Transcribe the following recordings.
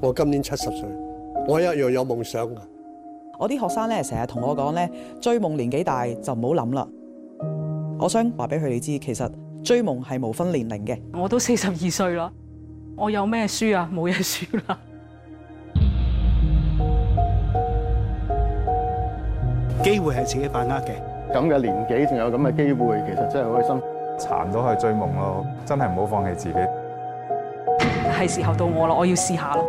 我今年七十歲，我一樣有夢想的。我啲學生咧成日同我講咧追夢年紀大就唔好諗啦。我想話俾佢哋知，其實追夢係無分年齡嘅。我都四十二歲啦，我有咩輸啊？冇嘢輸啦。機會係自己把握嘅。咁嘅年紀仲有咁嘅機會，其實真係好開心，殘都去追夢咯。真係唔好放棄自己。係時候到我咯，我要試下咯。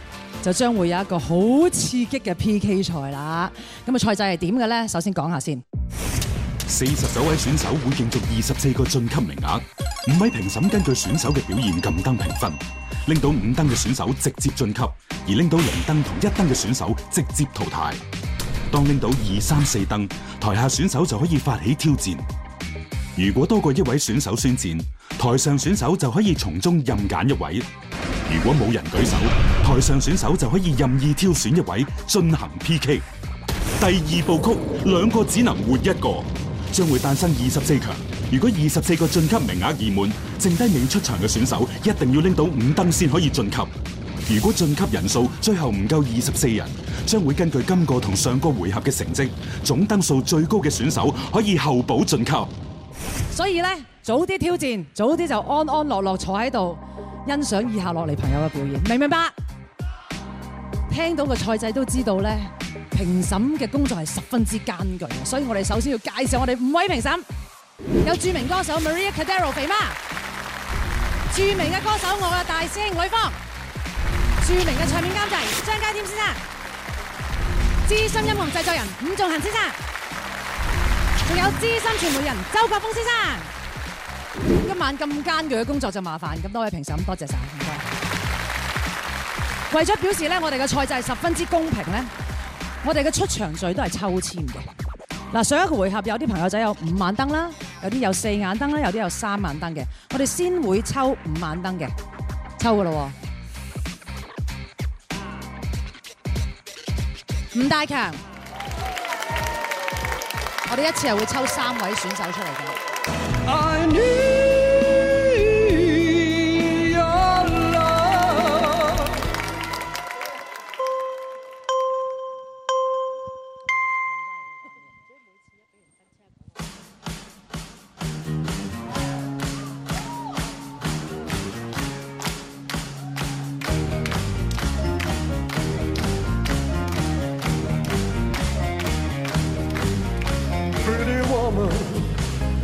就將會有一個好刺激嘅 P K 賽啦！咁啊，賽制係點嘅呢？首先講下先。四十九位選手會競逐二十四個晉級名額。五位評審根據選手嘅表現撳燈評分，拎到五燈嘅選手直接晉級，而拎到零燈同一燈嘅選手直接淘汰。當拎到二三四燈，台下選手就可以發起挑戰。如果多過一位選手宣戰，台上選手就可以從中任揀一位。如果冇人舉手。台上選手就可以任意挑選一位進行 PK。第二部曲，兩個只能活一個，將會誕生二十四強。如果二十四個晉級名額已滿，剩低未出場嘅選手一定要拎到五燈先可以晉級。如果晉級人數最後唔夠二十四人，將會根據今個同上個回合嘅成績，總燈數最高嘅選手可以候補晉級。所以呢，早啲挑戰，早啲就安安樂樂坐喺度欣賞以下落嚟朋友嘅表演，明唔明白？聽到個賽制都知道咧，評審嘅工作係十分之艱巨，所以我哋首先要介紹我哋五位評審，有著名歌手 Maria Cordero 肥媽，著名嘅歌手我嘅大師兄韋芳，著名嘅唱片監製張家添先生，資深音樂製作人伍仲衡先生，仲有資深傳媒人周國峯先生。今晚咁艱巨嘅工作就麻煩，咁多位評審多謝晒，唔該。為咗表示咧，我哋嘅賽制十分之公平咧，我哋嘅出場序都係抽籤嘅。嗱，上一個回合有啲朋友仔有五眼燈啦，有啲有四眼燈啦，有啲有三眼燈嘅。我哋先會抽五眼燈嘅，抽嘅咯。吳大強，我哋一次又會抽三位選手出嚟嘅。I need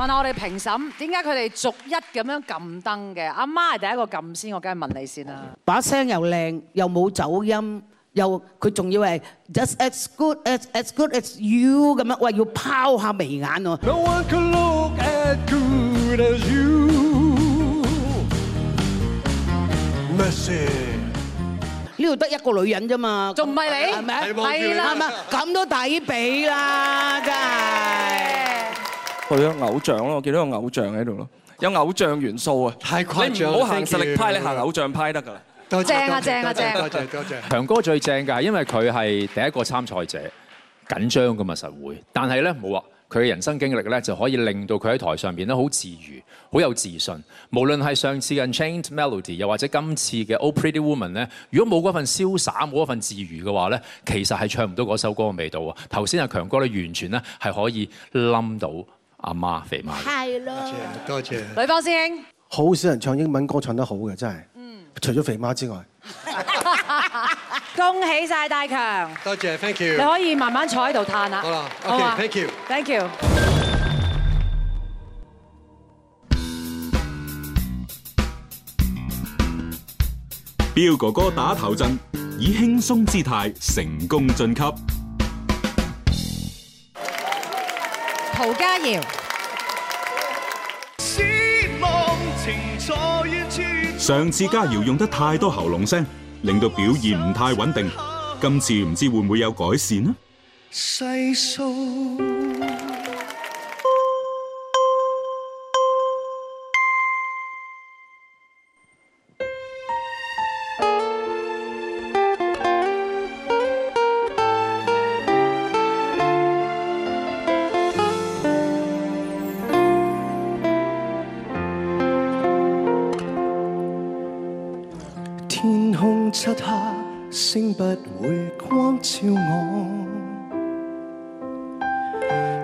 問下我哋評審點解佢哋逐一咁樣撳燈嘅？阿媽係第一個撳先，我梗係問你先啦。把聲又靚，又冇走音，又佢仲要係 just as good as as good as you 咁樣，喂！要拋下眉眼喎。No one can look as good as you，Mercy！呢度得一個女人啫嘛，仲唔係你？係咪？係啦，咁都抵畀啦，真係。個、嗯、偶像咯，我見到個偶像喺度咯，有偶像元素啊！太你唔好行實力派，你行偶像派得噶啦，正啊正啊正！強哥最正㗎，因為佢係第一個參賽者，緊張㗎嘛實會。但係咧冇啊，佢嘅人生經歷咧就可以令到佢喺台上邊咧好自如，好有自信。無論係上次嘅 Unchained Melody，又或者今次嘅 Oh Pretty Woman 呢，如果冇嗰份瀟灑，冇嗰份自如嘅話咧，其實係唱唔到嗰首歌嘅味道啊。頭先阿強哥咧完全咧係可以冧到。阿媽，肥媽，係咯，多謝，多謝。女方師兄，好少人唱英文歌唱得好嘅，真係。嗯，除咗肥媽之外。恭喜晒大強。多謝，Thank you。你可以慢慢坐喺度嘆啦。好啦，OK，Thank you，Thank you。彪哥哥打頭陣，以輕鬆姿態成功晉級。陶嘉耀，上次嘉耀用得太多喉嚨聲，令到表現唔太穩定。今次唔知會唔會有改善呢？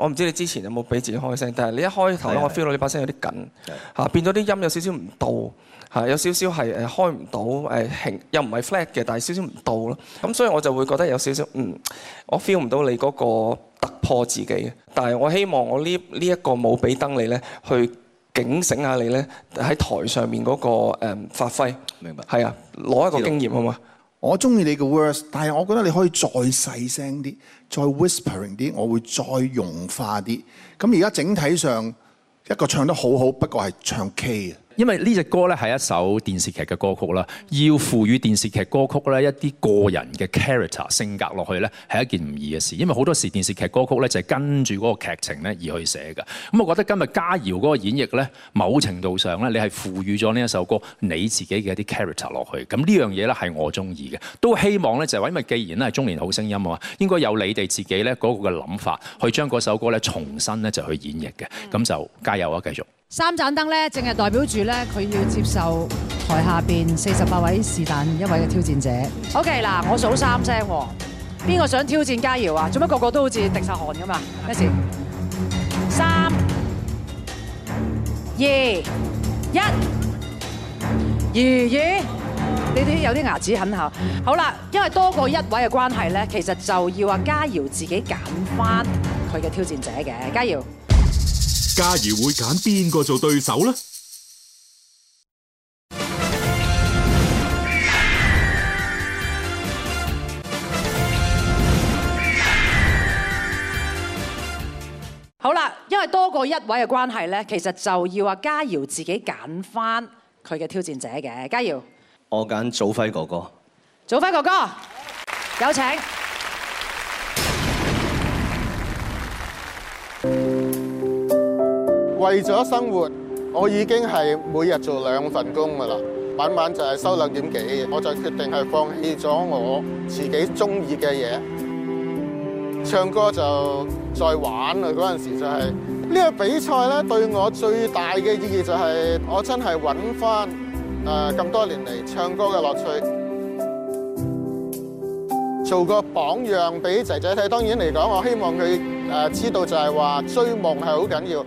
我唔知你之前有冇俾自己開聲，但係你一開頭咧，我 feel 到你把聲有啲緊，嚇變咗啲音有少少唔到，嚇有少少係誒開唔到誒，又唔係 flat 嘅，但係少少唔到咯。咁所以我就會覺得有少少嗯，我 feel 唔到你嗰個突破自己但係我希望我、這個、呢呢一個冇俾燈你咧，去警醒下你咧喺台上面、那、嗰個誒、嗯、發揮。明白。係啊，攞一個經驗好嘛？我中意你嘅 words，但係我覺得你可以再細聲啲。再 whispering 啲，我會再融化啲。噉而家整體上，一個唱得好好，不過係唱 K 啊。因為呢隻歌咧係一首電視劇嘅歌曲啦，要賦予電視劇歌曲咧一啲個人嘅 character 性格落去咧，係一件唔易嘅事。因為好多時電視劇歌曲咧就係跟住嗰個劇情咧而去寫嘅。咁我覺得今日嘉瑤嗰個演繹咧，某程度上咧你係賦予咗呢一首歌你自己嘅一啲 character 落去。咁呢樣嘢咧係我中意嘅，都希望咧就係話，因為既然咧係中年好聲音啊，應該有你哋自己咧嗰個嘅諗法去將嗰首歌咧重新咧就去演繹嘅。咁、嗯、就加油啊，繼續！三盞燈咧，淨係代表住咧，佢要接受台下邊四十八位是但一位嘅挑戰者。OK，嗱，我數三聲，哦，邊個想挑戰嘉瑤啊？做乜個個都好似滴晒汗咁啊？咩事？三、二、一，咦咦，你哋有啲牙齒痕下。好啦，因為多過一位嘅關係咧，其實就要話嘉瑤自己揀翻佢嘅挑戰者嘅。嘉瑤。嘉儀會揀邊個做對手呢？好啦，因為多過一位嘅關係呢，其實就要阿嘉儀自己揀返佢嘅挑戰者嘅。嘉儀，我揀祖輝哥哥哥。祖輝哥哥，有請。為咗生活，我已經係每日做兩份工噶啦，晚晚就係收兩點幾。我就決定係放棄咗我自己中意嘅嘢，唱歌就再玩啦！嗰陣時就係呢個比賽咧，對我最大嘅意義就係我真係揾返誒咁多年嚟唱歌嘅樂趣，做個榜樣俾仔仔睇。當然嚟講，我希望佢誒知道就係話追夢係好緊要。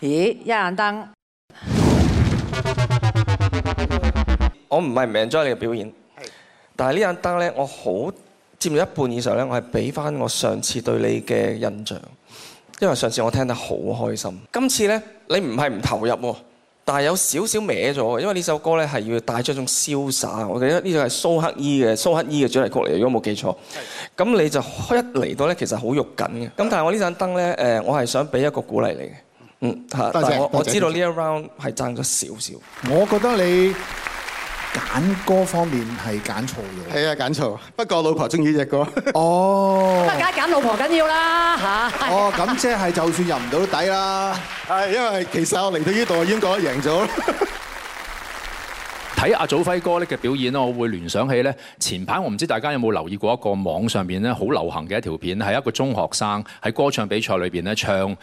咦，一眼燈，我唔係唔 enjoy 你嘅表演，但係呢盞燈呢，我好佔咗一半以上，呢我係俾翻我上次對你嘅印象，因為上次我聽得好開心。今次呢，你唔係唔投入，但係有少少歪咗，因為呢首歌呢，係要帶出一種瀟灑。我記得呢首係蘇乞兒嘅，蘇乞兒嘅主題曲嚟，如果冇記錯。咁你就一嚟到呢，其實好肉緊嘅。咁但係我呢盞燈呢，誒，我係想俾一個鼓勵你嘅。嗯，但係我謝謝我知道呢一 round 係爭咗少少。我覺得你揀歌方面係揀錯嘅，係啊，揀錯。不過老婆中意隻歌哦。 哦。梗係，揀老婆緊要啦嚇。哦，咁即係就算入唔到底啦，係 因為其實我嚟到呢度已經覺得贏咗。 睇阿祖輝哥咧嘅表演，我會聯想起咧前排，我唔知道大家有冇有留意過一個網上面咧好流行嘅一條片，係一個中學生喺歌唱比賽裏面咧唱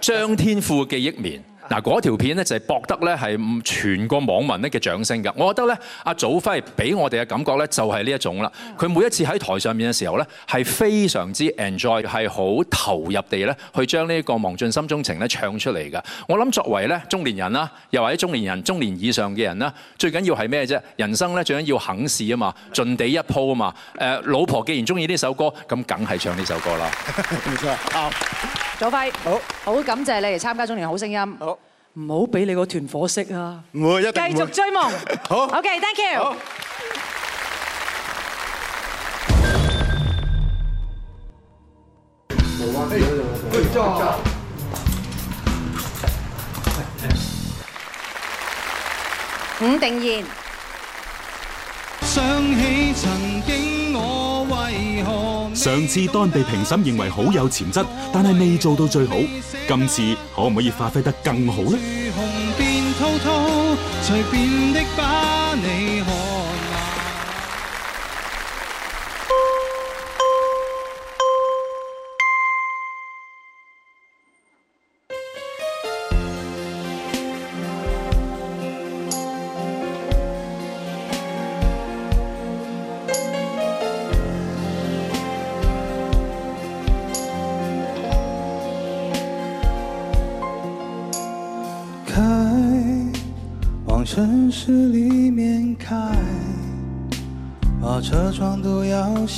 張天賦嘅記憶棉。嗱，嗰條片咧就係博得咧係全個網民咧嘅掌聲㗎。我覺得咧，阿祖輝俾我哋嘅感覺咧就係呢一種啦。佢每一次喺台上面嘅時候咧，係非常之 enjoy，係好投入地咧去將呢一個忘盡心中情咧唱出嚟㗎。我諗作為咧中年人啦，又或者中年人、中年以上嘅人啦，最緊要係咩啫？人生咧最緊要肯試啊嘛，盡地一鋪啊嘛。誒，老婆既然中意呢首歌，咁梗係唱呢首歌啦。唔錯，啱。小輝，好，好感謝你嚟參加《中年好聲音》。好，唔好俾你個團伙識啊！唔會，一定會。繼續追夢。好。OK，Thank you。好。對焦。伍定燕。想起曾經。上次當地評審認為好有潛質，但係未做到最好。今次可唔可以發揮得更好呢？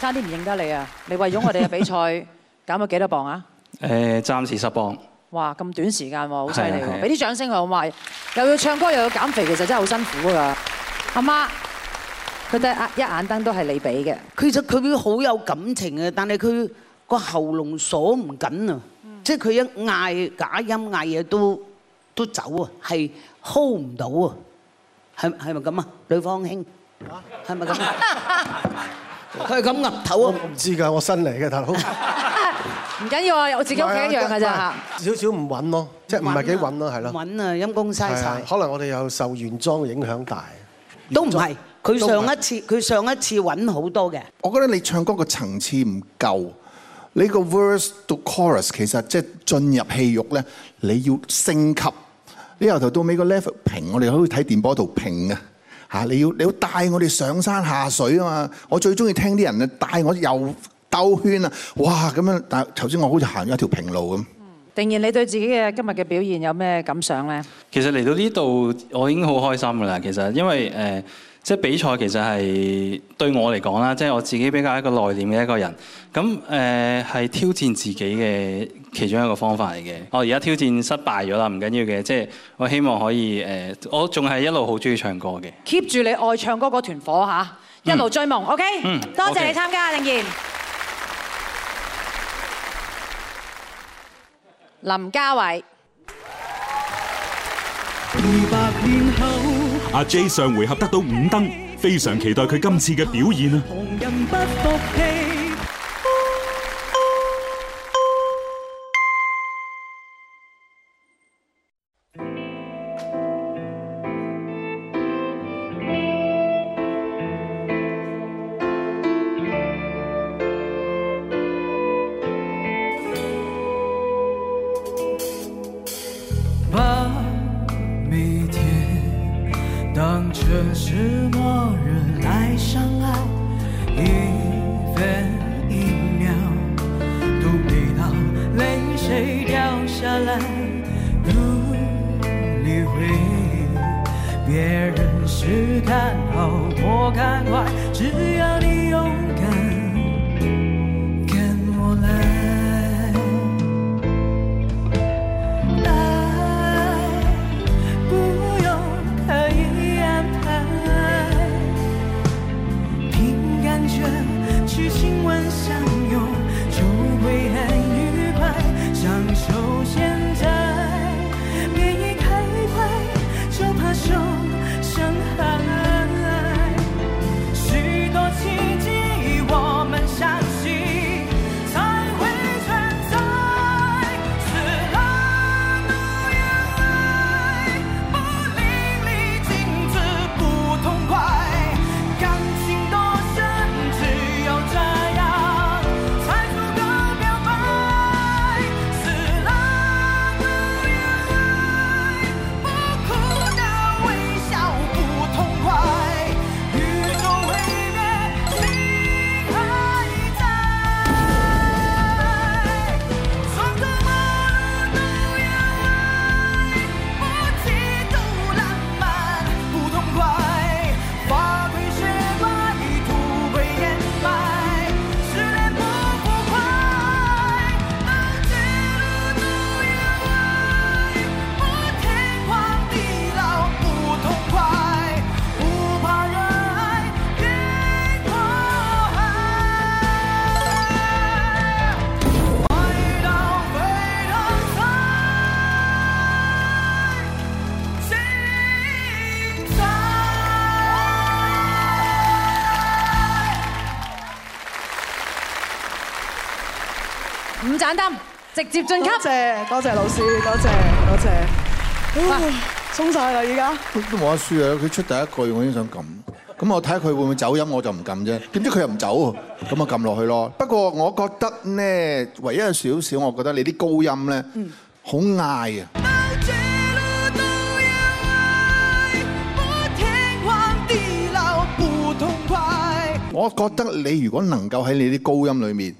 差啲唔認得你啊！你為咗我哋嘅比賽減咗幾多磅啊？誒，暫時十磅。哇！咁短時間，好犀利喎！俾啲掌聲佢，我話又要唱歌又要減肥，其實真係好辛苦㗎。阿媽，佢睇一眼燈都係你俾嘅，佢佢佢好有感情嘅，但係佢個喉嚨鎖唔緊啊，即係佢一嗌假音嗌嘢都都走啊，係 hold 唔到啊！係係咪咁啊？呂方兄，係咪咁？佢係咁岌頭啊！我唔知㗎，我新嚟嘅大佬。唔 緊要啊，我自己屋企一樣嘅咋。少少唔穩咯，即係唔係幾穩咯，係咯。穩啊，陰公嘥晒。可能我哋又受原裝影響大。都唔係，佢上一次佢上，上一次穩好多嘅。我覺得你唱歌個層次唔夠，你個 verse to chorus 其實即係進入戲肉咧，你要升級。你由頭到尾個 level 平，我哋可以睇電波度平啊。吓！你要你要帶我哋上山下水啊嘛！我最中意聽啲人啊帶我又兜圈啊！哇，咁樣，但頭先我好似行咗一條平路咁。定然你對自己嘅今日嘅表現有咩感想咧？其實嚟到呢度我已經好開心噶啦，其實因為、呃即係比賽其實係對我嚟講啦，即、就、係、是、我自己比較一個內斂嘅一個人，咁誒係挑戰自己嘅其中一個方法嚟嘅。我而家挑戰失敗咗啦，唔緊要嘅，即係我希望可以誒、呃，我仲係一路好鍾意唱歌嘅。keep 住你愛唱歌嗰團火嚇，一路追夢。OK，嗯嗯、多謝你參加，令賢。林鉫偉。阿 J 上回合得到五燈，非常期待佢今次嘅表現啊！接進卡謝，多謝老師，多謝多謝，鬆曬啦而家。都冇得輸啊！佢出第一句我已經想撳，咁我睇下佢會唔會走音我就唔撳啫。點知佢又唔走，咁啊撳落去咯。不過我覺得咧，唯一少少我覺得你啲高音咧，好嗌啊！我覺得你如果能夠喺你啲高音裏面。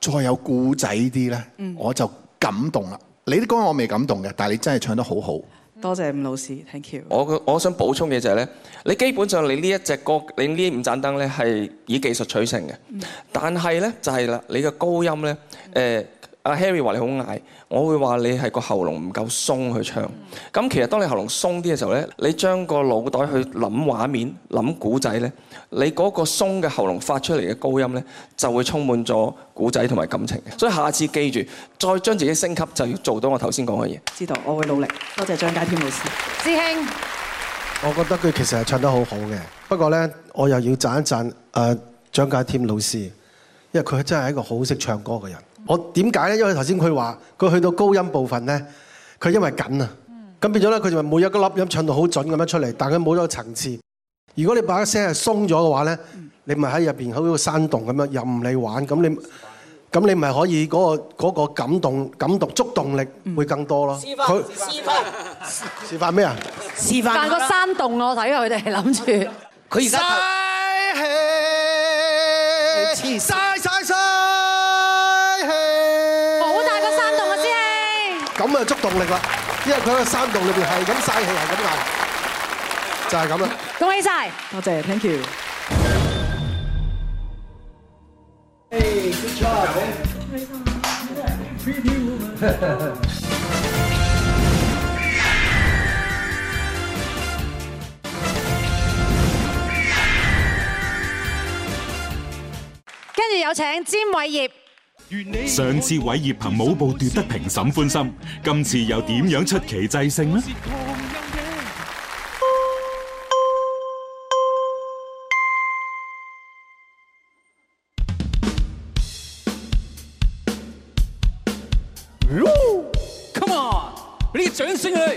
再有故仔啲咧，我就感動啦！你啲歌我未感動嘅，但係你真係唱得好好。多謝伍老師，Thank you。我個我想補充嘅就係咧，你基本上你呢一隻歌，你呢五盞燈咧係以技術取勝嘅，但係咧就係啦，你嘅高音咧，誒。阿 Harry 話你好矮，我會話你係個喉嚨唔夠鬆去唱。咁其實當你喉嚨鬆啲嘅時候咧，你將個腦袋去諗畫面、諗古仔咧，你嗰個鬆嘅喉嚨發出嚟嘅高音咧，就會充滿咗古仔同埋感情。所以下次記住，再將自己升級，就要做到我頭先講嘅嘢。知道，我會努力。多謝張家添老師，師兄。我覺得佢其實係唱得好好嘅，不過咧，我又要讚一讚誒張家添老師，因為佢真係一個好識唱歌嘅人。我點解咧？因為頭先佢話佢去到高音部分咧，佢因為緊啊，咁變咗咧佢就話每一個粒音唱到好準咁樣出嚟，但佢冇咗個層次。如果你把聲係鬆咗嘅話咧，你咪喺入邊好似個山洞咁樣任你玩。咁你咁你咪可以嗰個嗰個感動感動觸動力會更多咯。示範示範示範咩啊？示範個山洞，我睇佢哋係諗住。佢而家睇。足動力啦，因為佢喺個山洞裏邊係咁嘥氣，係咁嗌，就係咁啦。恭喜晒，多謝，Thank you。Hey, good job。跟住有請詹偉業。上次偉業憑舞步奪得評審歡心，今次又點樣出奇制勝呢？Come on，俾啲掌聲嚟！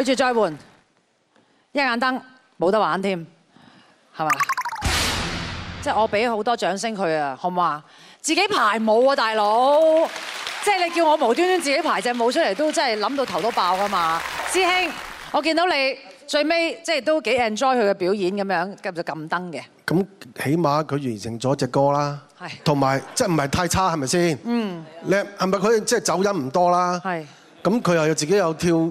舉住再換一眼燈，冇得玩添，係嘛？ 即係我俾好多掌聲佢啊，好唔好啊？自己排舞啊，大佬！即係、 就是、你叫我無端端自己排隻舞出嚟，都真係諗到頭都爆啊嘛！ 師兄，我見到你最尾即係都幾 enjoy 佢嘅表演咁樣燈的，跟住撳燈嘅。咁起碼佢完成咗隻歌啦，係同埋即係唔係太差，係咪先？嗯，叻係咪？佢即係走音唔多啦。係咁，佢又有自己有跳。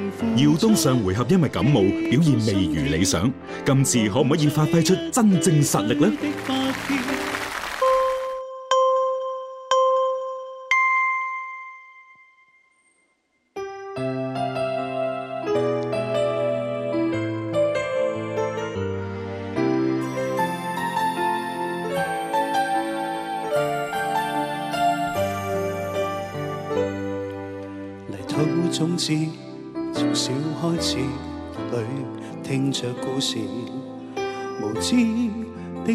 耀東上回合因為感冒表現未如理想，今次可唔可以發揮出真正實力咧？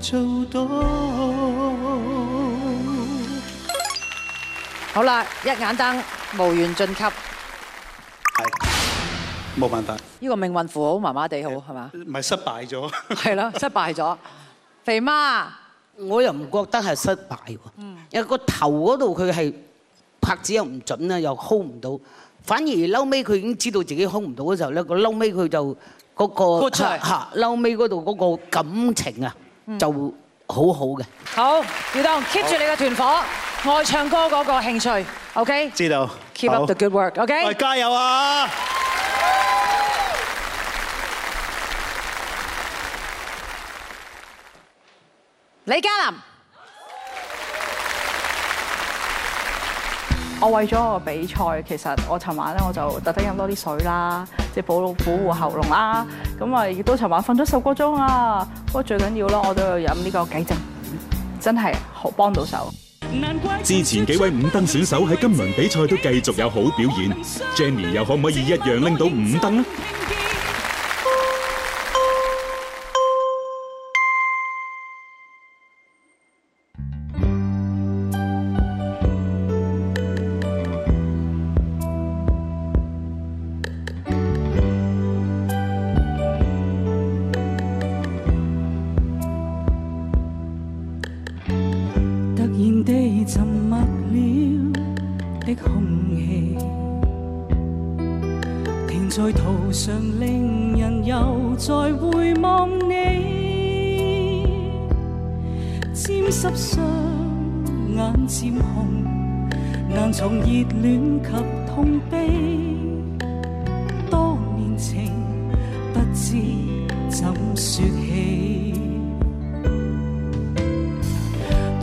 做到好啦，一眼燈無緣晉級，係冇辦法。呢個命運符號麻麻地好係嘛？唔係失敗咗？係咯，失敗咗。肥媽，我又唔覺得係失敗。嗯。有個頭嗰度佢係拍子又唔準啊，又 hold 唔到，反而嬲尾佢已經知道自己 hold 唔到嘅時候咧，個嬲尾佢就嗰個吓嬲尾嗰度嗰個感情啊。就好好嘅。好，耀東，keep 住你嘅團伙，愛唱歌嗰個興趣。OK。知道。Keep up the good work。OK。加油啊！李嘉琳。我為咗我比賽，其實我尋晚咧我就特登飲多啲水啦，即係保護保護喉嚨啦。咁啊亦都尋晚瞓咗十個鐘啊。不過最緊要啦，我都要飲呢個雞精，真係好幫到手。之前幾位五燈選手喺今輪比賽都繼續有好表演 Jenny 又可唔可以一樣拎到五燈咧？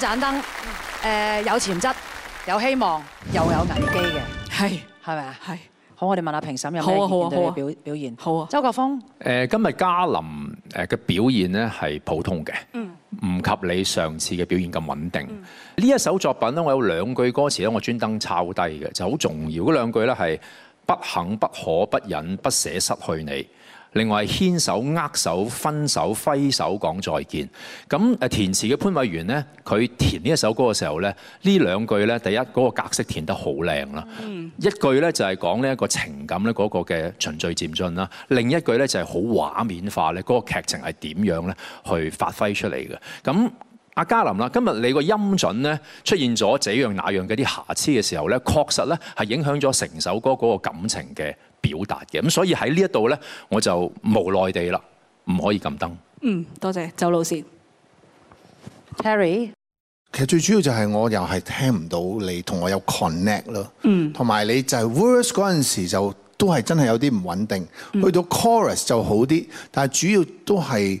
盞燈，誒、呃，有潛質，有希望，又有危機嘅，係，係咪啊？係，好，我哋問下評審有冇意見對佢表、啊啊啊、表現？好啊，周國峰。誒、呃，今日嘉林誒嘅表現咧係普通嘅，嗯，唔及你上次嘅表現咁穩定。呢、嗯、一首作品咧，我有兩句歌詞咧，我專登抄低嘅，就好重要。嗰兩句咧係，不肯、不可、不忍、不捨失去你。另外係牽手、握手、分手、揮手講再見。咁誒填詞嘅潘偉源咧，佢填呢一首歌嘅時候咧，呢兩句咧，第一嗰個格式填得好靚啦。嗯。一句咧就係講呢一個情感咧嗰個嘅循序漸進啦。另一句咧就係好畫面化咧，嗰個劇情係點樣咧去發揮出嚟嘅。咁阿嘉林啦，今日你個音準咧出現咗這樣那樣嘅啲瑕疵嘅時候咧，確實咧係影響咗成首歌嗰個感情嘅。表達嘅咁，所以喺呢一度呢，我就無奈地啦，唔可以㩒燈。嗯，多謝周老師。Harry，其實最主要就係我又係聽唔到你同我有 connect 咯、嗯。嗯。同埋你就係 verse 嗰陣時就都係真係有啲唔穩定，去到 chorus 就好啲，但係主要都係。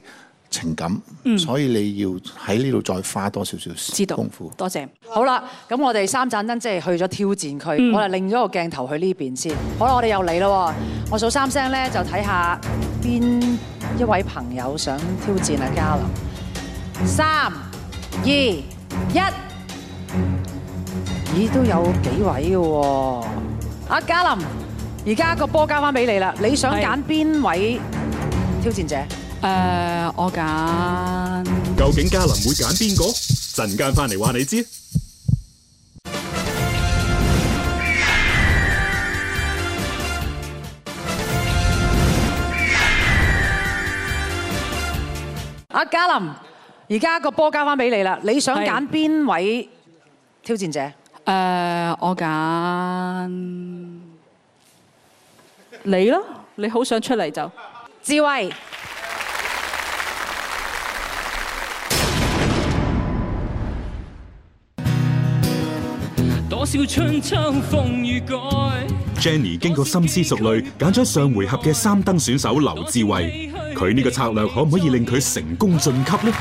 情感，嗯、所以你要喺呢度再花多少少時功夫知道。多謝，謝好啦。好啦，咁我哋三盞燈即係去咗挑戰區、嗯，我哋另咗個鏡頭去呢邊先。好啦，我哋又嚟咯，我數三聲咧，就睇下邊一位朋友想挑戰阿嘉林。三、二、一。咦，都有幾位嘅、啊、喎？阿嘉林，而家個波交翻俾你啦，你想揀邊位挑戰者？誒、呃，我揀。究竟嘉林會揀邊個？陣間翻嚟話你知。阿嘉林，而家個波交翻俾你啦，你想揀邊位挑戰者？誒、呃，我揀 你咯，你好想出嚟就智衛。Jenny 經過深思熟慮，揀咗上回合嘅三燈選手劉智衛，佢呢個策略可唔可以令佢成功晉級呢？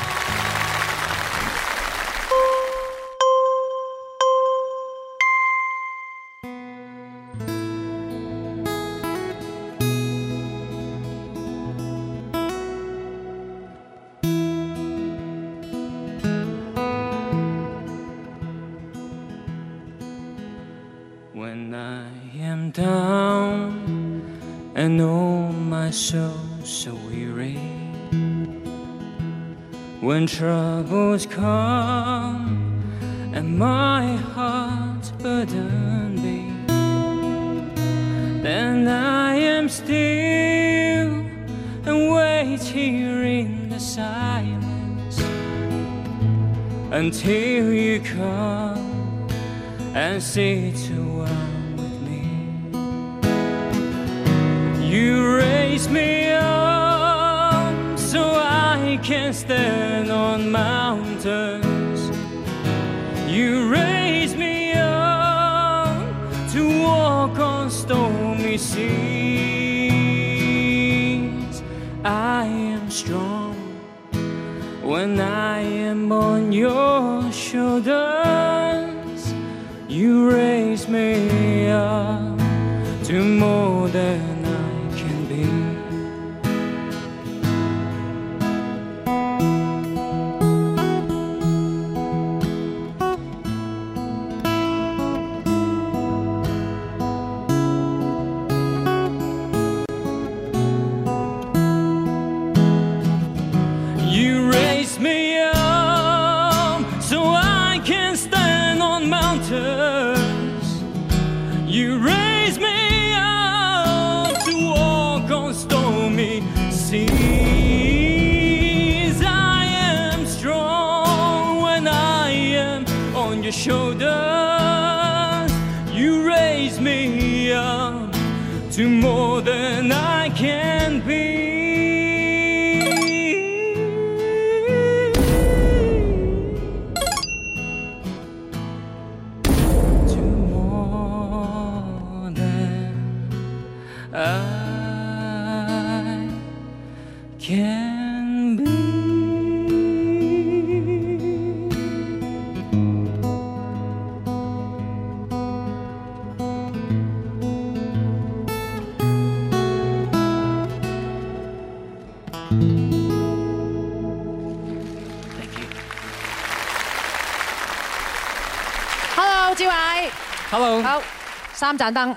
三盞燈，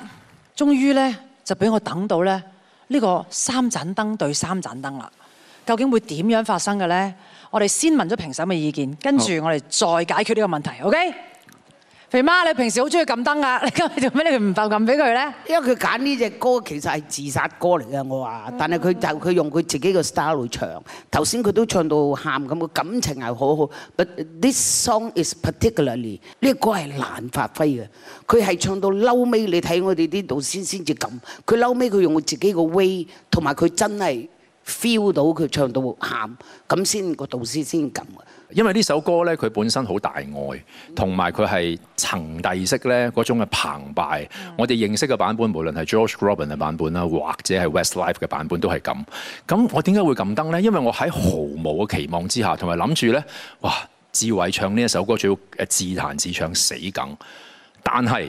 終於咧就俾我等到咧，呢個三盞燈對三盞燈啦。究竟會點樣發生嘅咧？我哋先問咗評審嘅意見，跟住我哋再解決呢個問題。OK。姨媽，你平時好中意撳燈噶，你今日做咩你唔撳撳俾佢咧？因為佢揀呢隻歌其實係自殺歌嚟嘅，我話。但係佢就佢用佢自己個 style 去唱。頭先佢都唱到喊咁，個感情係好好。But this song is particularly 呢個歌係難發揮嘅。佢係唱到嬲尾，你睇我哋啲導師先至撳。佢嬲尾佢用佢自己個 way，同埋佢真係 feel 到佢唱到喊，咁先個導師先撳。因為呢首歌咧，佢本身好大愛，同埋佢係層遞式咧嗰種嘅澎湃。的我哋認識嘅版本，無論係 George Robin 嘅版本啦，或者係 Westlife 嘅版本都係咁。咁我點解會咁登咧？因為我喺毫無嘅期望之下，同埋諗住咧，哇！智衛唱呢一首歌，最好自彈自唱死梗。但係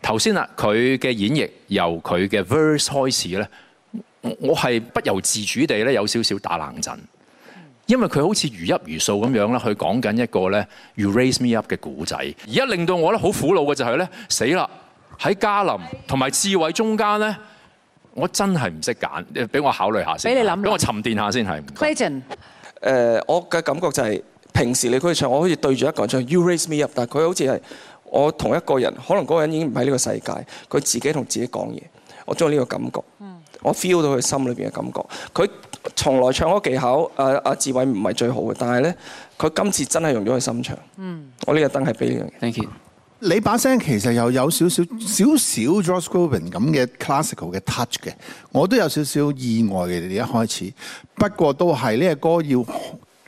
頭先啊，佢嘅演繹由佢嘅 verse 開始咧，我係不由自主地咧有少少打冷震。因為佢好似如泣如訴咁樣咧，佢講緊一個咧，You Raise Me Up 嘅故仔。而家令到我咧好苦惱嘅就係、是、咧，死啦！喺嘉林同埋智衛中間咧，我真係唔識揀，俾我考慮下先。俾你諗，俾我沉澱下先係。Raymond，我嘅、呃、感覺就係、是、平時你佢唱，我好似對住一個人唱 You Raise Me Up，但係佢好似係我同一個人，可能嗰個人已經唔喺呢個世界，佢自己同自己講嘢，我中意呢個感覺。嗯。我 feel 到佢心裏邊嘅感覺，佢從來唱歌技巧，誒、啊、誒，智衛唔係最好嘅，但係咧，佢今次真係用咗佢心唱、嗯。嗯，的的我呢個燈係俾你嘅，thank you。你把聲其實又有少少少少 Josh Groban 咁嘅 classical 嘅 touch 嘅，我都有少少意外嘅，你哋一開始，不過都係呢個歌要。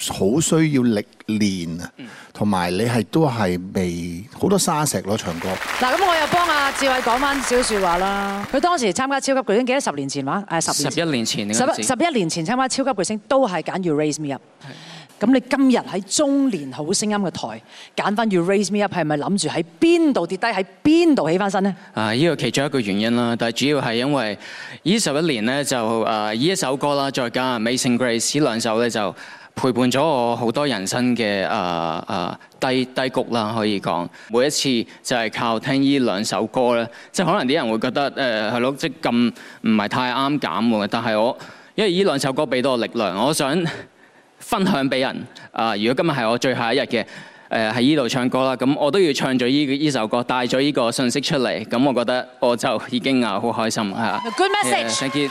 好需要歷練啊，同、嗯、埋你係都係未好多沙石咯，長歌。嗱咁，我又幫阿志偉講翻少說話啦。佢當時參加超級巨星，記得十年前話，十十一年前十一年，年前參加超級巨星都係揀要 Raise Me Up。咁你今日喺中年好聲音嘅台揀翻要 Raise Me Up，係咪諗住喺邊度跌低喺邊度起翻身呢？啊，依個其中一個原因啦，但主要係因為呢十一年咧就誒依一首歌啦，再加 Amazing Grace 兩首咧就。陪伴咗我好多人生嘅啊啊低低谷啦，可以講每一次就係靠聽依兩首歌啦。即係可能啲人會覺得誒係咯，即咁唔係太啱揀喎。但係我因為依兩首歌俾到我力量，我想分享俾人啊，呃。如果今日係我最後一日嘅誒喺依度唱歌啦，咁我都要唱咗依依首歌，帶咗依個信息出嚟，咁我覺得我就已經啊好開心嚇。You're good message. Yeah, thank you.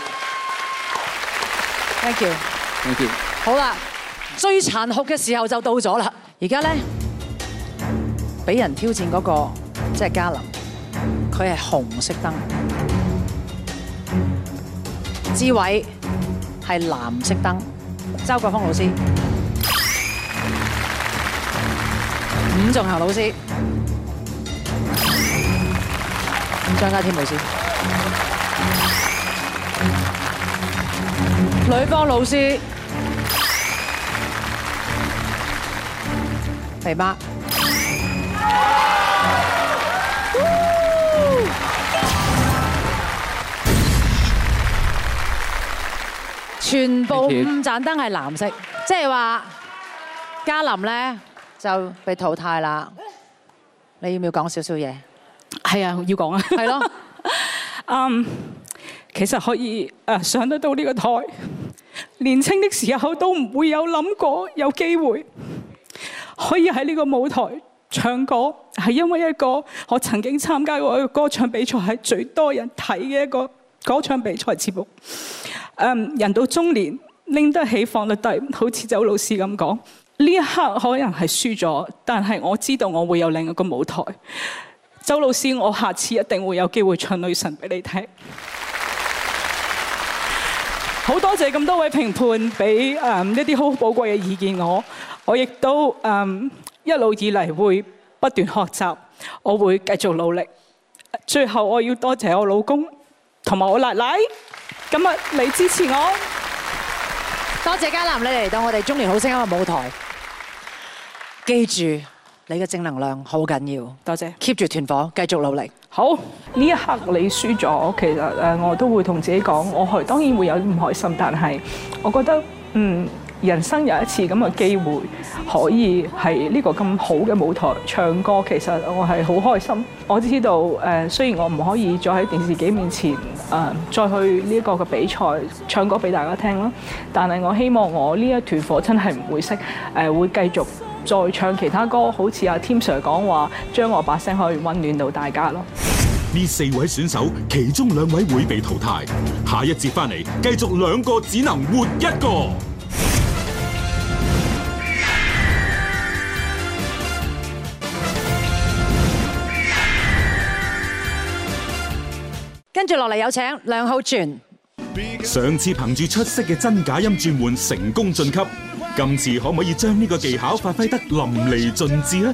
Thank you. Thank you. 好啦。最殘酷嘅時候就到咗喇，而家呢，畀人挑戰嗰個即係嘉林，佢係紅色燈；志偉係藍色燈；周國峰老師，伍仲衡老師，張家添老師，呂方老師。肥媽，全部五盞燈係藍色，即係話嘉林咧就被淘汰啦。你要唔要講少少嘢？係啊，要講啊。係咯，嗯，其實可以誒上得到呢個台，年輕的時候都唔會有諗過有機會。可以喺呢個舞台唱歌，係因為一個我曾經參加過嘅歌唱比賽係最多人睇嘅一個歌唱比賽節目。人到中年拎得起放得低，好似周老師噉講。呢一刻可能係輸咗，但係我知道我會有另一個舞台。周老師，我下次一定會有機會唱女神畀你聽。好 多謝咁多位評判畀誒一啲好寶貴嘅意見我。我亦都誒一路以嚟會不斷學習，我會繼續努力。最後我要多謝我老公同埋我奶奶，今日你支持我，多謝嘉楠你嚟到我哋中年好聲音嘅舞台。記住你嘅正能量好緊要，多謝 keep 住團火，繼續努力。好，呢一刻你輸咗，其實誒我都會同自己講，我開當然會有啲唔開心，但係我覺得嗯。人生有一次咁嘅機會，可以喺呢個咁好嘅舞台唱歌，其實我係好開心。我知道誒、呃，雖然我唔可以再喺電視機面前誒、呃，再去呢一個嘅比賽唱歌俾大家聽啦。但係我希望我呢一團火真係唔會熄，誒、呃、會繼續再唱其他歌，好似阿 Tim Sir 講話，將我把聲可以温暖到大家咯。呢四位選手其中兩位會被淘汰，下一節翻嚟繼續兩個只能活一個。跟住落嚟有請梁浩銓。上次憑住出色嘅真假音轉換成功晉級，今次可唔可以將呢個技巧發揮得淋漓盡致呢？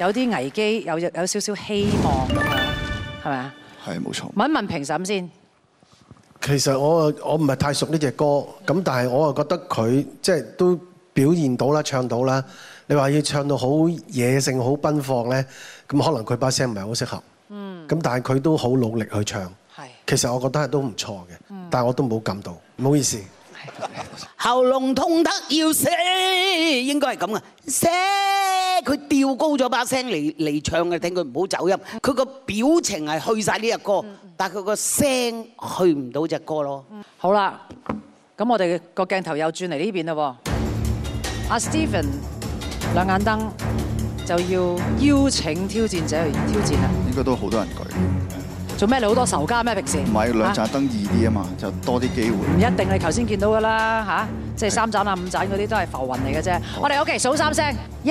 有啲危機，有有少少希望，係咪啊？係，冇錯。問一問評審先。其實我我唔係太熟呢隻歌，咁但係我又覺得佢即係都表現到啦，唱到啦。你話要唱到好野性、好奔放咧，咁可能佢把聲唔係好適合。嗯。咁但係佢都好努力去唱。係。其實我覺得都唔錯嘅，但係我都冇撳到，唔好意思。喉嚨痛得要死，應該係咁啊！死。佢調高咗把聲嚟嚟唱嘅，聽佢唔好走音。佢個表情係去曬呢隻歌，但係佢個聲去唔到隻歌咯。好啦，咁我哋個鏡頭又轉嚟呢邊啦。阿 Steven 兩眼燈就要邀請挑戰者去挑戰啦。應該都好多人舉。做咩？你好多仇家咩？平時唔係兩盞燈易啲啊嘛，就多啲機會。唔一定，係頭先見到噶啦嚇，即係三盞啊五盞嗰啲都係浮雲嚟嘅啫。我哋 OK，數三聲一。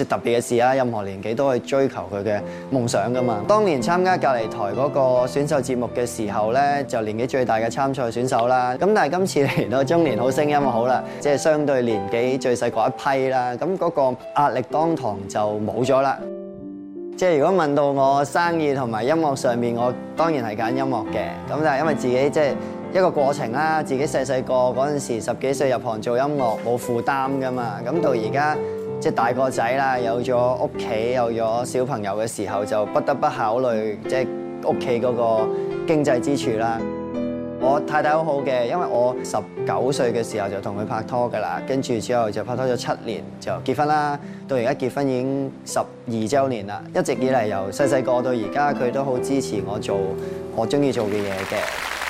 最特別嘅事啦，任何年紀都去追求佢嘅夢想噶嘛。當年參加隔離台嗰個選秀節目嘅時候咧，就年紀最大嘅參賽選手啦。咁但係今次嚟到中年好聲音啊，好啦，即係相對年紀最細嗰一批啦。咁嗰個壓力當堂就冇咗啦。即係如果問到我生意同埋音樂上面，我當然係揀音樂嘅。咁但係因為自己即係一個過程啦，自己細細個嗰陣時十幾歲入行做音樂冇負擔噶嘛。咁到而家。即係大個仔啦，有咗屋企，有咗小朋友嘅時候，就不得不考慮即係屋企嗰個經濟支柱啦。我太太好好嘅，因為我十九歲嘅時候就同佢拍拖噶啦，跟住之後就拍拖咗七年，就結婚啦。到而家結婚已經十二周年啦，一直以嚟由細細個到而家，佢都好支持我做我中意做嘅嘢嘅。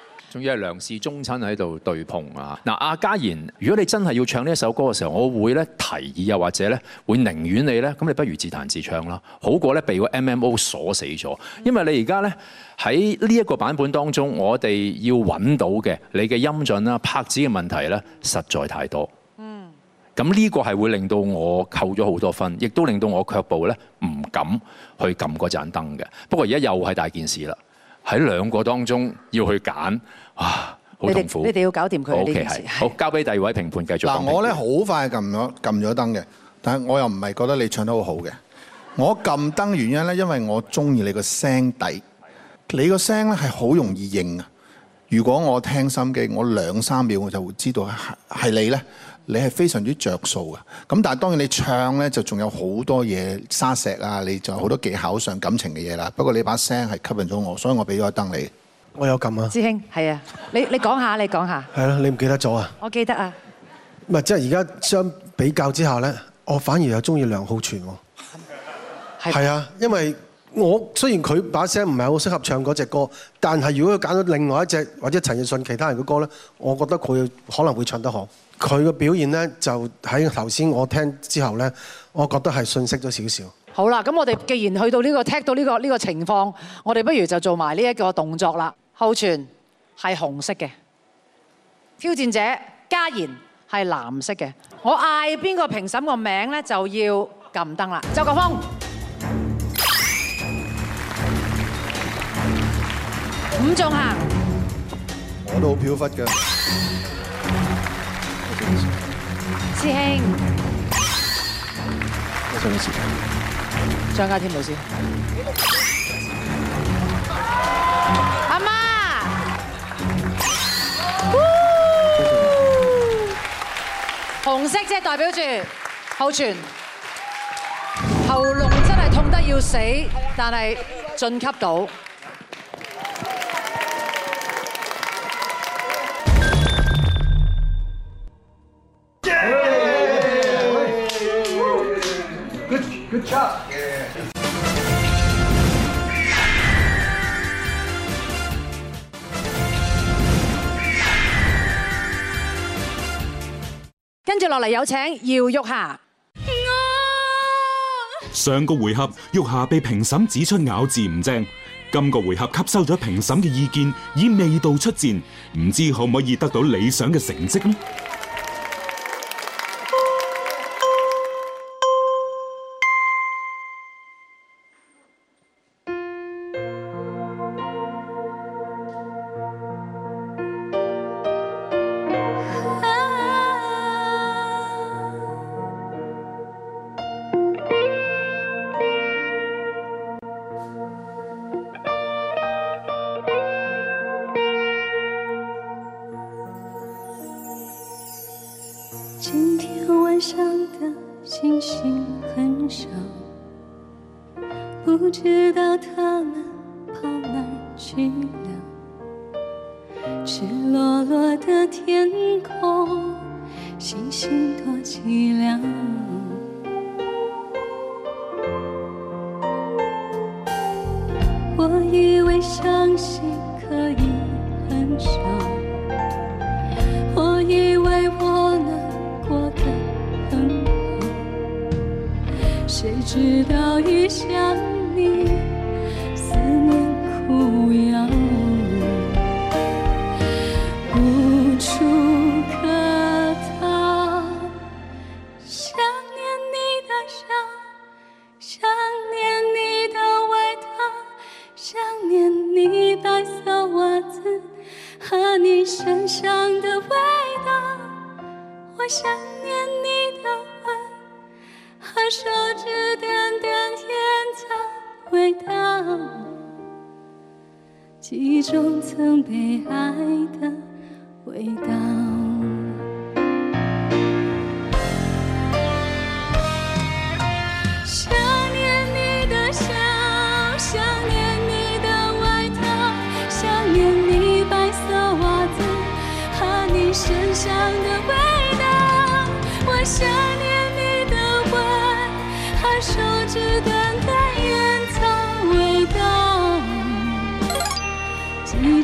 仲要係梁氏中親喺度對碰啊！嗱、啊，阿嘉賢，如果你真係要唱呢一首歌嘅時候，我會咧提議，又或者咧會寧願你咧，咁你不如自彈自唱啦，好過咧被個 M M O 鎖死咗、嗯。因為你而家咧喺呢一個版本當中，我哋要揾到嘅你嘅音準啦、拍子嘅問題咧，實在太多。嗯，咁呢個係會令到我扣咗好多分，亦都令到我卻步咧唔敢去撳嗰盞燈嘅。不過而家又係大件事啦。喺兩個當中要去揀，哇，好痛苦！你哋要搞掂佢。O、okay，係，好，交俾第二位評判繼續。嗱，我咧好快撳咗撳咗燈嘅，但係我又唔係覺得你唱得好好嘅。我撳燈原因咧，因為我中意你個聲底。你個聲咧係好容易認啊！如果我聽心機，我兩三秒我就會知道係你咧。你係非常之着數啊！咁但係當然你唱呢，就仲有好多嘢沙石啊，你仲有好多技巧上感情嘅嘢啦。不過你把聲係吸引咗我，所以我俾咗一燈你。我有撳啊！師兄，係啊，你你講下，你講下。係咯，你唔記得咗啊？我記得啊。唔係，即係而家相比較之下呢，我反而又中意梁浩銓喎。係啊，因為我雖然佢把聲唔係好適合唱嗰隻歌，但係如果佢揀到另外一隻或者陳奕迅其他人嘅歌呢，我覺得佢可能會唱得好。佢個表現呢，就喺頭先我聽之後呢，我覺得係遜色咗少少。好啦，咁我哋既然去到呢個踢到呢個呢個情況，我哋不如就做埋呢一個動作啦。浩銓係紅色嘅挑戰者，家賢係藍色嘅。我嗌邊個評審個名呢，就要撳燈啦。周國峰，伍仲豪，我都好飄忽嘅。 師兄，我張家添老師，阿媽，媽，紅色即係代表住浩銓，喉嚨真係痛得要死，但係進級到。Yeah. 跟住落嚟有請姚玉霞。啊。上個回合，玉霞被評審指出咬字唔正，今個回合吸收咗評審嘅意見，以味道出戰，唔知可唔可以得到理想嘅成績呢？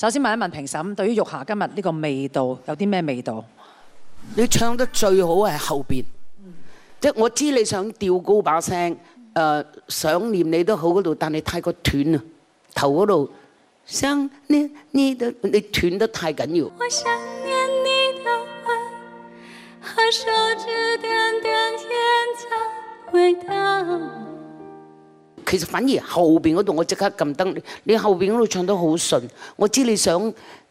首先問一問評審，對於玉霞今日呢個味道有啲咩味道？你唱得最好係後邊，即係我知你想調高一把聲，誒想念你都好嗰度，但你太過斷啦，頭嗰度聲呢呢都你斷得太緊要。我想念你的其實反而後邊嗰度，我即刻撳燈。你後邊嗰度唱得好順，我知你想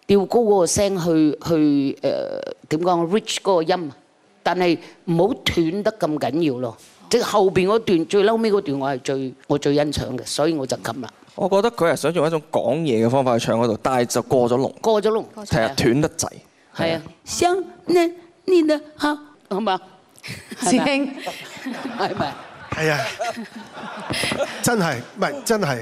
調高嗰個聲去去誒點講？reach 嗰個音，但係唔好斷得咁緊要咯。即係後邊嗰段最撈尾嗰段，我係最我最欣賞嘅，所以我就撳啦。我覺得佢係想用一種講嘢嘅方法去唱嗰度，但係就過咗龍，過咗龍，其實斷得滯。係啊，聲呢呢呢嚇，好嘛？師兄，係咪？係啊，真係唔係真係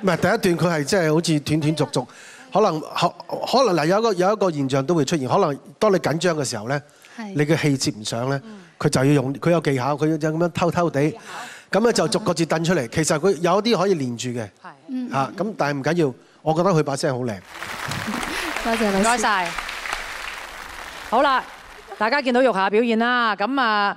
唔係第一段佢係真係好似斷斷續續，可能可可能嗱有個有一個現象都會出現，可能當你緊張嘅時候咧，你嘅氣接唔上咧，佢就要用佢有技巧，佢要咁樣偷偷地，咁咧就逐個字掟出嚟。其實佢有啲可以連住嘅，嚇咁，但係唔緊要。我覺得佢把聲好靚。多謝你，唔該晒。好啦，大家見到玉霞表現啦，咁啊。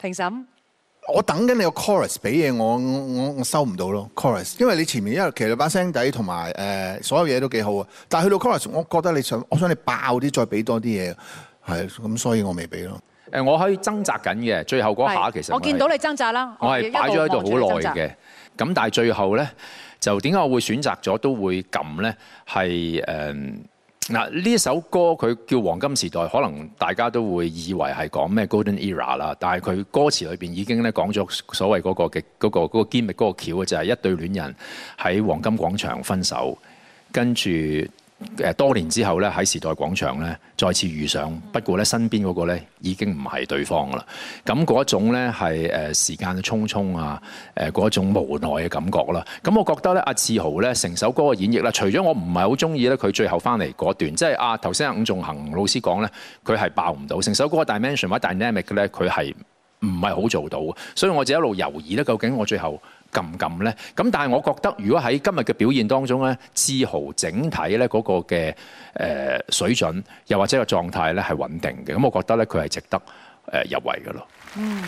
評審，我等緊你個 chorus 俾嘢我，我我收唔到咯 chorus，因為你前面因為其實把聲底同埋誒所有嘢都幾好啊，但係去到 chorus，我覺得你想我想你爆啲再俾多啲嘢，係咁，所以我未俾咯。誒，我可以掙扎緊嘅，最後嗰下其實我見到你掙扎啦，我係擺咗喺度好耐嘅，咁但係最後咧就點解我會選擇咗都會撳咧？係誒。呃嗱，呢首歌佢叫《黃金時代》，可能大家都會以為係講咩 Golden Era 啦，但係佢歌詞裏邊已經咧講咗所謂嗰、那個嘅嗰、那個嗰、那個 gimmick 嗰個橋啊，就係、是、一對戀人喺黃金廣場分手，跟住。誒多年之後咧，喺時代廣場咧再次遇上，不過咧身邊嗰個咧已經唔係對方啦。咁嗰種咧係誒時間嘅匆匆啊，誒、呃、嗰種無奈嘅感覺啦。咁我覺得咧，阿、啊、志豪咧成首歌嘅演繹啦，除咗我唔係好中意咧，佢最後翻嚟嗰段，即係阿頭先阿伍仲衡老師講咧，佢係爆唔到成首歌嘅 dimension 或者 dynamic 咧，佢係唔係好做到，所以我就一路猶豫咧，究竟我最後，撳唔撳咧？咁但係我覺得，如果喺今日嘅表現當中咧，志豪整體咧嗰個嘅誒水準，又或者個狀態咧係穩定嘅，咁我覺得咧佢係值得誒入圍嘅咯。嗯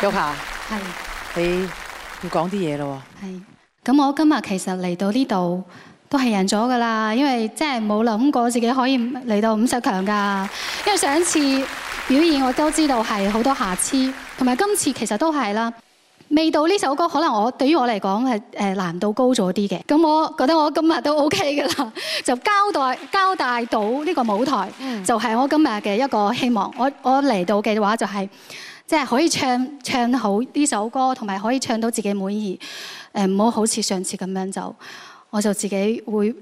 j o a 係你要講啲嘢咯。喎？係，咁我今日其實嚟到呢度都係贏咗噶啦，因為真係冇諗過自己可以嚟到五十強噶，因為上一次表演我都知道係好多瑕疵，同埋今次其實都係啦。味道呢首歌可能我對於我嚟講係難度高咗啲嘅，咁我覺得我今日都 OK 噶啦，就交代交代到呢個舞台，就係、是、我今日嘅一個希望。我我嚟到嘅話就係即係可以唱唱好呢首歌，同埋可以唱到自己滿意，誒、呃、唔好好似上次咁樣就。我就自己會，會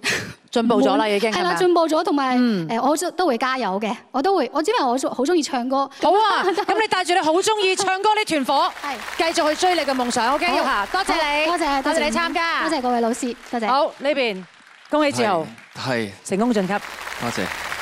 進步咗啦，已經係啦，進步咗同埋誒，我都都會加油嘅，我都會，我只係我好中意唱歌。好啊，咁你帶住你好中意唱歌呢團火，係繼續去追你嘅夢想。O.K. 蕾霞，多謝你，多謝，多謝，你多，謝，多，謝多謝你參加，多謝各位老師，多謝好呢邊恭喜志豪，係成功晉級，多謝，謝。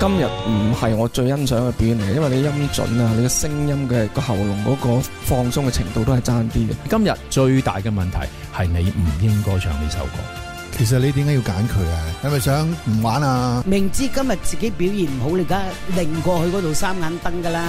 今日唔係我最欣賞嘅表演嚟嘅，因為你音準啊，你嘅聲音嘅個喉嚨嗰個放鬆嘅程度都係差啲嘅。今日最大嘅問題係你唔應該唱呢首歌。其實你點解要揀佢啊？係咪想唔玩啊？明知今日自己表現唔好，你而家擰過去嗰度三眼燈噶啦。